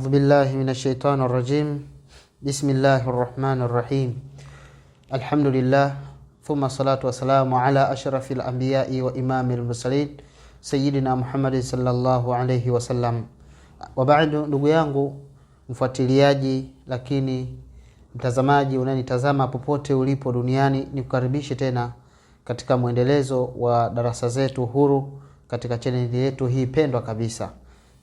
أعوذ بالله من الشيطان الرجيم بسم الله الرحمن الرحيم الحمد لله ثم الصلاة والسلام على أشرف الأنبياء وإمام المرسلين سيدنا محمد صلى الله عليه وسلم وبعد yangu mfuatiliaji, lakini mtazamaji unanitazama popote ulipo duniani, nikukaribishe tena katika mwendelezo wa darasa zetu huru katika chaneli yetu hii pendwa kabisa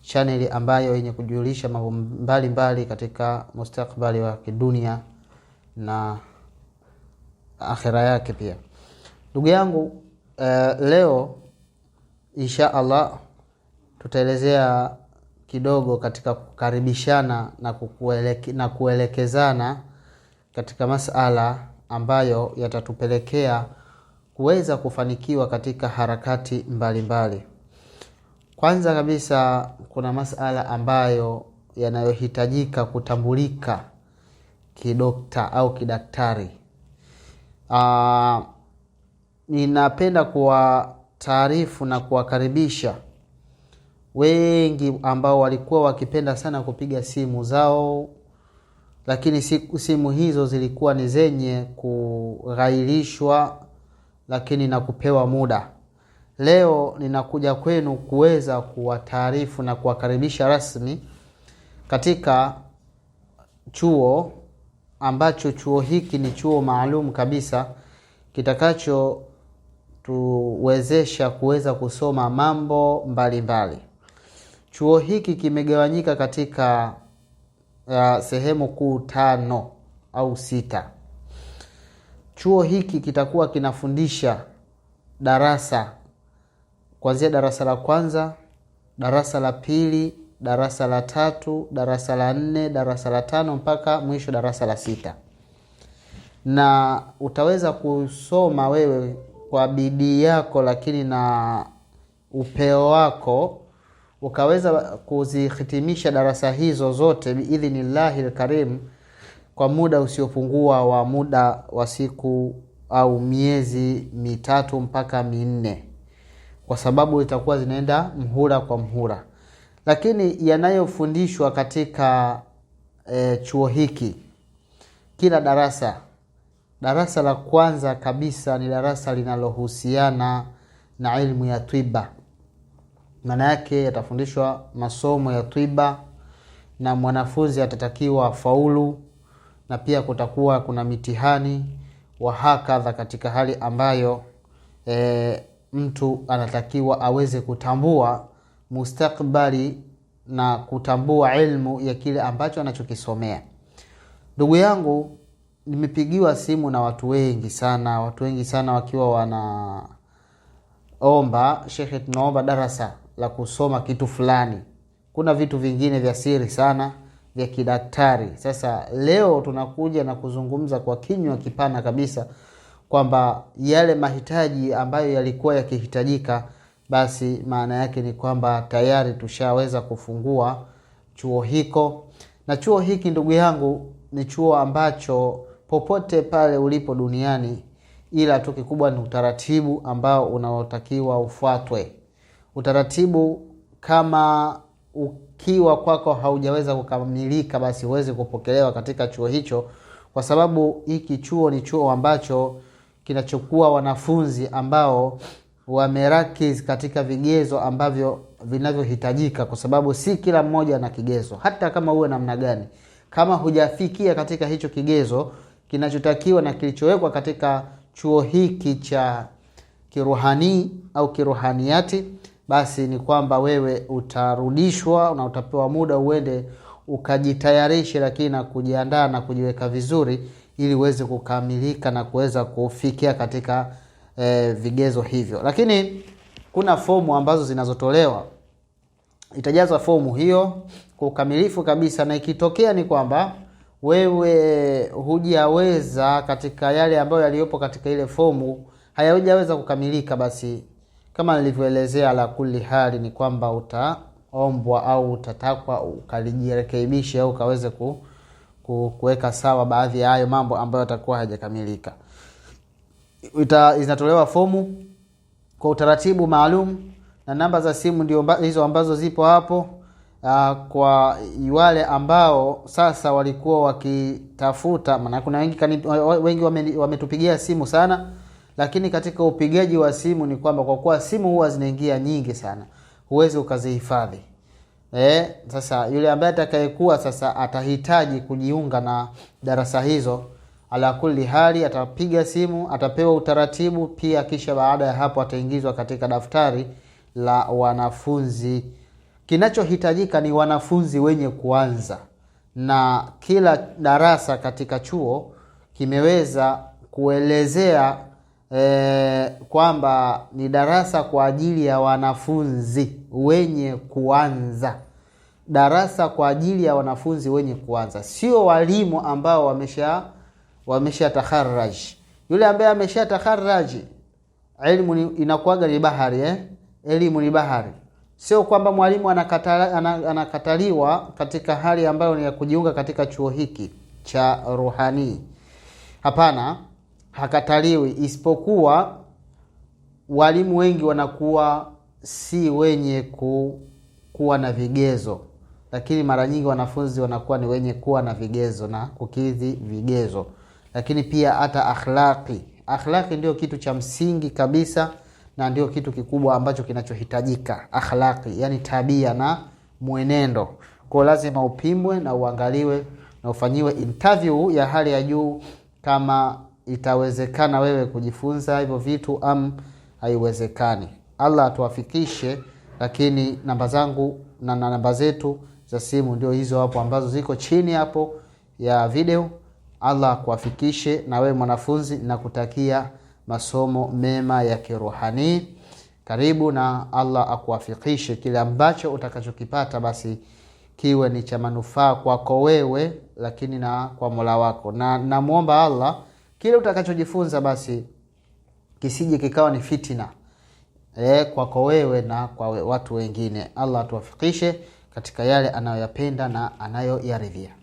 chaneli ambayo yenye kujulisha mambo mbalimbali katika mustakbali wa kidunia na akhira yake pia. Ndugu yangu, uh, leo insha Allah tutaelezea kidogo katika kukaribishana na kukueleke, na kuelekezana katika masala ambayo yatatupelekea kuweza kufanikiwa katika harakati mbalimbali mbali. Kwanza kabisa kuna masala ambayo yanayohitajika kutambulika kidokta au kidaktari. Ah, ninapenda kuwa kuwataarifu na kuwakaribisha wengi ambao walikuwa wakipenda sana kupiga simu zao, lakini simu hizo zilikuwa ni zenye kughairishwa, lakini na kupewa muda Leo ninakuja kwenu kuweza kuwataarifu na kuwakaribisha rasmi katika chuo ambacho chuo hiki ni chuo maalum kabisa kitakachotuwezesha kuweza kusoma mambo mbalimbali mbali. Chuo hiki kimegawanyika katika uh, sehemu kuu tano au sita. Chuo hiki kitakuwa kinafundisha darasa kuanzia darasa la kwanza, darasa la pili, darasa la tatu, darasa la nne, darasa la tano mpaka mwisho darasa la sita, na utaweza kusoma wewe kwa bidii yako, lakini na upeo wako ukaweza kuzihitimisha darasa hizo zote biidhnillahi lkarim kwa muda usiopungua wa muda wa siku au miezi mitatu mpaka minne kwa sababu itakuwa zinaenda mhura kwa mhura Lakini yanayofundishwa katika e, chuo hiki kila darasa, darasa la kwanza kabisa ni darasa linalohusiana na ilmu ya twiba. Maana yake yatafundishwa masomo ya twiba na mwanafunzi atatakiwa faulu, na pia kutakuwa kuna mitihani wa hakadha, katika hali ambayo e, mtu anatakiwa aweze kutambua mustakbali na kutambua ilmu ya kile ambacho anachokisomea. Ndugu yangu, nimepigiwa simu na watu wengi sana, watu wengi sana wakiwa wanaomba, shekhe, tunaomba darasa la kusoma kitu fulani. Kuna vitu vingine vya siri sana vya kidaktari. Sasa leo tunakuja na kuzungumza kwa kinywa kipana kabisa kwamba yale mahitaji ambayo yalikuwa yakihitajika, basi maana yake ni kwamba tayari tushaweza kufungua chuo hiko, na chuo hiki ndugu yangu ni chuo ambacho popote pale ulipo duniani, ila tu kikubwa ni utaratibu ambao unaotakiwa ufuatwe. Utaratibu kama ukiwa kwako haujaweza kukamilika, basi huwezi kupokelewa katika chuo hicho, kwa sababu hiki chuo ni chuo ambacho kinachokuwa wanafunzi ambao wamerakiz katika vigezo ambavyo vinavyohitajika, kwa sababu si kila mmoja na kigezo. Hata kama uwe namna gani, kama hujafikia katika hicho kigezo kinachotakiwa na kilichowekwa katika chuo hiki cha kiruhanii au kiruhaniati, basi ni kwamba wewe utarudishwa na utapewa muda uende ukajitayarishe, lakini na kujiandaa na kujiweka vizuri ili uweze kukamilika na kuweza kufikia katika e, vigezo hivyo. Lakini kuna fomu ambazo zinazotolewa, itajaza fomu hiyo kwa ukamilifu kabisa, na ikitokea ni kwamba wewe hujaweza katika yale ambayo yaliyopo katika ile fomu hayajaweza kukamilika, basi kama nilivyoelezea, la kuli hali ni kwamba utaombwa au utatakwa ukalijirekebishe au ukaweze ku kuweka sawa baadhi ya hayo mambo ambayo yatakuwa hayajakamilika. Zinatolewa fomu kwa utaratibu maalum na namba za simu ndio mba, hizo ambazo zipo hapo. Uh, kwa wale ambao sasa walikuwa wakitafuta, maana kuna wengi, wengi wametupigia wame simu sana, lakini katika upigaji wa simu ni kwamba kwa kuwa simu huwa zinaingia nyingi sana, huwezi ukazihifadhi. E, sasa yule ambaye atakayekuwa sasa atahitaji kujiunga na darasa hizo, ala kulli hali atapiga simu, atapewa utaratibu pia, kisha baada ya hapo ataingizwa katika daftari la wanafunzi. Kinachohitajika ni wanafunzi wenye kuanza, na kila darasa katika chuo kimeweza kuelezea e, kwamba ni darasa kwa ajili ya wanafunzi wenye kuanza darasa kwa ajili ya wanafunzi wenye kuanza, sio walimu ambao wamesha wamesha Yule ambaye amesha taharaj elimu inakuaga ni bahari eh? Elimu ni bahari, sio kwamba mwalimu anakataliwa katika hali ambayo ni ya kujiunga katika chuo hiki cha ruhanii Hapana hakataliwi, isipokuwa walimu wengi wanakuwa si wenye ku, kuwa na vigezo, lakini mara nyingi wanafunzi wanakuwa ni wenye kuwa na vigezo na kukidhi vigezo, lakini pia hata akhlaqi. Akhlaqi ndio kitu cha msingi kabisa na ndio kitu kikubwa ambacho kinachohitajika, akhlaqi, yani tabia na mwenendo. Kwa lazima upimwe na uangaliwe na ufanyiwe interview ya hali ya juu kama itawezekana wewe kujifunza hivyo vitu am haiwezekani. Allah atuwafikishe. Lakini namba zangu na namba zetu za simu ndio hizo hapo ambazo ziko chini hapo ya video. Allah kuwafikishe na wewe mwanafunzi, na kutakia masomo mema ya kiruhani. Karibu na Allah akuwafikishe, kile ambacho utakachokipata basi kiwe ni cha manufaa kwako wewe, lakini na kwa Mola wako, na namwomba Allah Kile utakachojifunza basi kisije kikawa ni fitina e, kwako wewe na kwa watu wengine. Allah atuwafikishe katika yale anayoyapenda na anayoyaridhia.